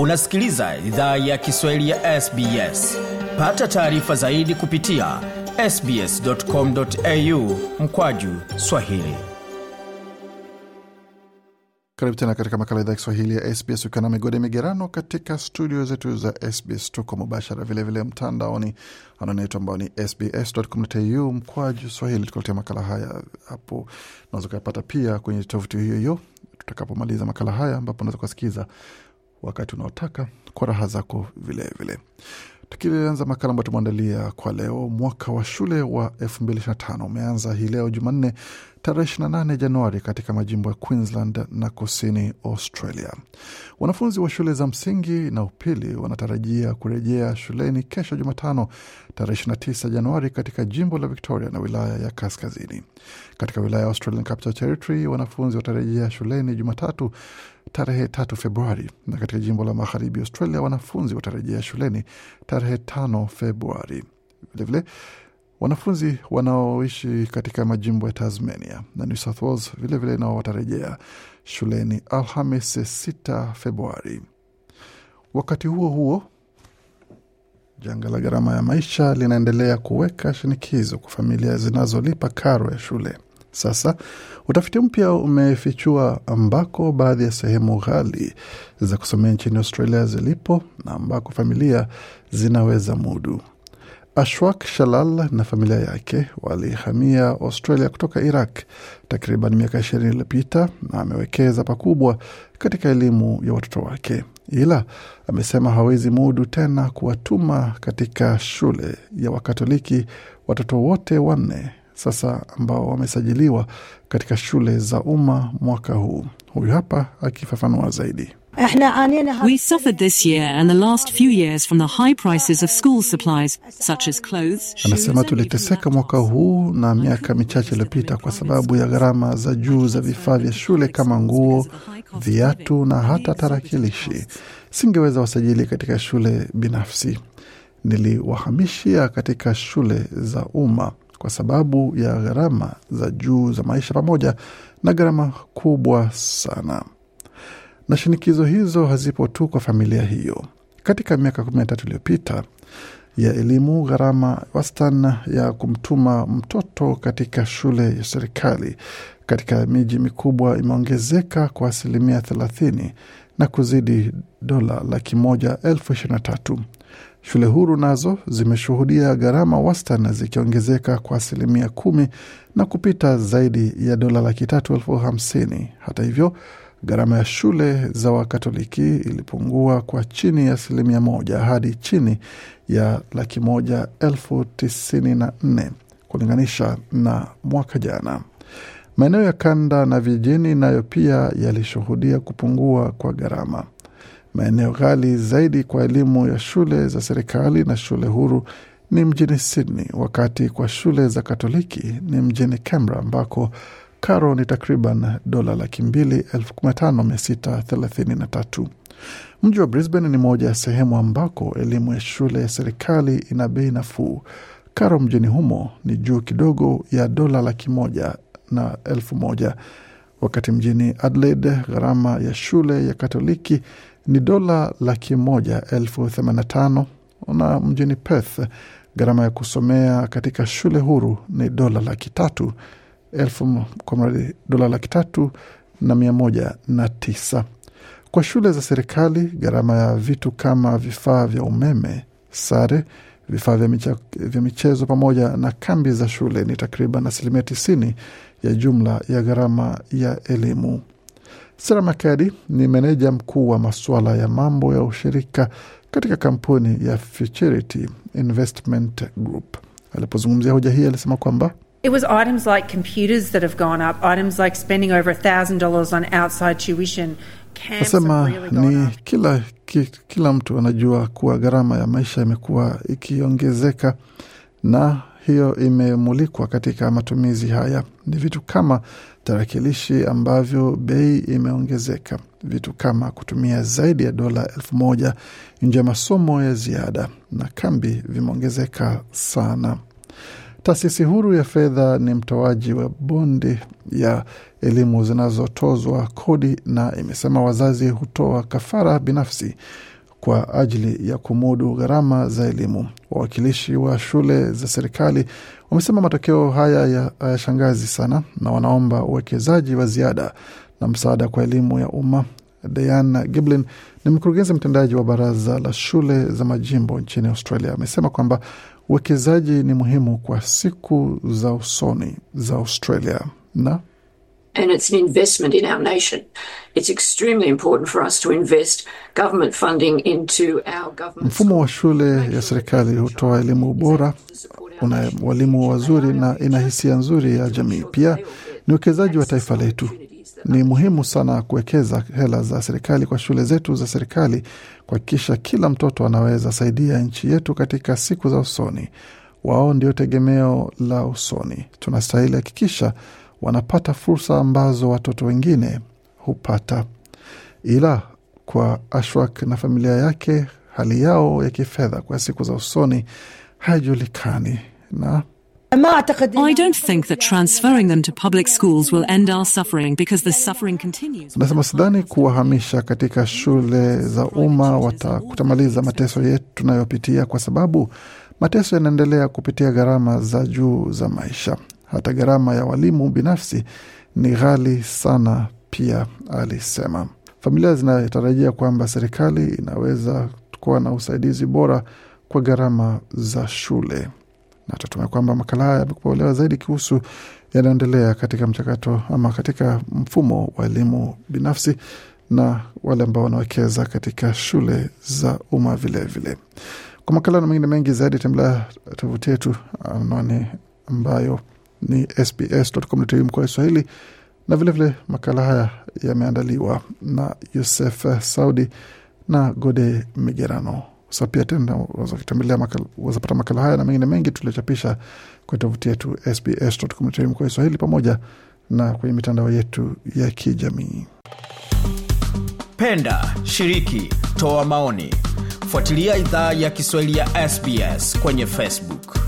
unasikiliza idhaa ya kiswahili ya sbs pata taarifa zaidi kupitia sbscomau mkwaju swahili karibu tena katika makala idhaa ya kiswahili ya sbs ukiwa na migode migerano katika studio zetu za sbs tuko mubashara vilevile mtandaoni anaonetu ambao ni sbscomau mkwaju swahili tukuletea makala haya hapo unaweza ukayapata pia kwenye tovuti hiyo hiyo tutakapomaliza makala haya ambapo unaweza kuwasikiza wakati unaotaka kwa raha zako vilevile. Tukianza makala ambayo tumeandalia kwa leo, mwaka wa shule wa 2025 umeanza hii leo Jumanne tarehe 28 Januari katika majimbo ya Queensland na kusini Australia. Wanafunzi wa shule za msingi na upili wanatarajia kurejea shuleni kesho Jumatano tarehe 29 Januari katika jimbo la Victoria na wilaya ya kaskazini. Katika wilaya ya Australian Capital Territory, wanafunzi watarejea shuleni Jumatatu tarehe tatu Februari, na katika jimbo la magharibi Australia wanafunzi watarejea shuleni tarehe tano Februari. Vilevile wanafunzi wanaoishi katika majimbo ya Tasmania na New South Wales vilevile nao watarejea shuleni Alhamisi 6 Februari. Wakati huo huo, janga la gharama ya maisha linaendelea kuweka shinikizo kwa familia zinazolipa karo ya shule. Sasa utafiti mpya umefichua ambako baadhi ya sehemu ghali za kusomea nchini Australia zilipo na ambako familia zinaweza mudu. Ashwak Shalal na familia yake walihamia Australia kutoka Iraq takriban miaka ishirini iliyopita na amewekeza pakubwa katika elimu ya watoto wake, ila amesema hawezi mudu tena kuwatuma katika shule ya Wakatoliki watoto wote wanne sasa ambao wamesajiliwa katika shule za umma mwaka huu. Huyu hapa akifafanua zaidi. We suffered this year and the last few years from the high prices of school supplies such as clothes. Anasema tuliteseka mwaka huu na miaka michache iliyopita kwa sababu ya gharama za juu za vifaa vya shule kama nguo, viatu na hata tarakilishi. Singeweza wasajili katika shule binafsi, niliwahamishia katika shule za umma kwa sababu ya gharama za juu za maisha pamoja na gharama kubwa sana, na shinikizo hizo hazipo tu kwa familia hiyo. Katika miaka kumi na tatu iliyopita ya elimu, gharama wastani ya kumtuma mtoto katika shule ya serikali katika miji mikubwa imeongezeka kwa asilimia thelathini na kuzidi dola laki moja elfu ishirini na tatu Shule huru nazo zimeshuhudia gharama wastan zikiongezeka kwa asilimia kumi na kupita zaidi ya dola laki tatu elfu hamsini. Hata hivyo, gharama ya shule za Wakatoliki ilipungua kwa chini ya asilimia moja hadi chini ya laki moja elfu tisini na nne kulinganisha na mwaka jana. Maeneo ya kanda na vijijini nayo pia yalishuhudia kupungua kwa gharama. Maeneo ghali zaidi kwa elimu ya shule za serikali na shule huru ni mjini Sydney, wakati kwa shule za Katoliki ni mjini Canberra ambako karo ni takriban dola laki mbili elfu kumi na tano mia sita thelathini na tatu. Mji wa Brisbane ni moja ya sehemu ambako elimu ya shule ya serikali ina bei nafuu. Karo mjini humo ni juu kidogo ya dola laki moja na elfu moja wakati mjini Adelaide gharama ya shule ya Katoliki ni dola laki moja elfu themanini tano na mjini Perth gharama ya kusomea katika shule huru ni dola laki tatu elfu kwa mradi dola laki tatu na mia moja na tisa. Kwa shule za serikali gharama ya vitu kama vifaa vya umeme, sare, vifaa vya vya michezo pamoja na kambi za shule ni takriban asilimia tisini ya jumla ya gharama ya elimu. Sara Makadi ni meneja mkuu wa masuala ya mambo ya ushirika katika kampuni ya Futurity Investment Group. Alipozungumzia hoja hii, alisema kwamba It was items like computers that have gone up, items like spending over $1,000 on outside tuition Nasema ni kila, ki, kila mtu anajua kuwa gharama ya maisha imekuwa ikiongezeka na hiyo imemulikwa katika matumizi haya. Ni vitu kama tarakilishi ambavyo bei imeongezeka, vitu kama kutumia zaidi ya dola elfu moja nje ya masomo ya ziada, na kambi vimeongezeka sana. Taasisi huru ya fedha ni mtoaji wa bondi ya elimu zinazotozwa kodi na imesema wazazi hutoa kafara binafsi kwa ajili ya kumudu gharama za elimu. Wawakilishi wa shule za serikali wamesema matokeo haya hayashangazi sana na wanaomba uwekezaji wa ziada na msaada kwa elimu ya umma. Diana Giblin ni mkurugenzi mtendaji wa baraza la shule za majimbo nchini Australia, amesema kwamba Uwekezaji ni muhimu kwa siku za usoni za Australia na And it's an investment in our nation. It's extremely important for us to invest government funding into our government. Mfumo wa shule ya serikali hutoa elimu bora, una walimu wazuri na ina hisia nzuri ya jamii. Pia ni uwekezaji wa taifa letu ni muhimu sana kuwekeza hela za serikali kwa shule zetu za serikali, kuhakikisha kila mtoto anaweza saidia nchi yetu katika siku za usoni. Wao ndio tegemeo la usoni. Tunastahili hakikisha wanapata fursa ambazo watoto wengine hupata. Ila kwa Ashwak na familia yake, hali yao ya kifedha kwa siku za usoni haijulikani na I don't think that transferring them to public schools will end our suffering because the suffering continues. Anasema sidhani kuwahamisha katika shule za umma kutamaliza mateso yetu tunayopitia kwa sababu mateso yanaendelea kupitia gharama za juu za maisha. Hata gharama ya walimu binafsi ni ghali sana pia, alisema. Familia zinatarajia kwamba serikali inaweza kuwa na usaidizi bora kwa gharama za shule na kwamba makala haya yamekupa uelewa zaidi kuhusu yanayoendelea katika mchakato ama katika mfumo wa elimu binafsi na wale ambao wanawekeza katika shule za umma vilevile. Kwa makala na mengine mengi zaidi, tembelea tovuti yetu anwani ambayo ni sbs.com.au mkoa Kiswahili, na vilevile vile makala haya yameandaliwa na Yusef Saudi na Gode Migerano sa pia tena waweza kutembelea makala, pata makala haya na mengine mengi tuliochapisha kwenye tovuti yetu sbs.com.au kwa pamoja na kwenye mitandao yetu ya kijamii. Penda, shiriki, toa maoni. Fuatilia idhaa ya Kiswahili ya SBS kwenye Facebook.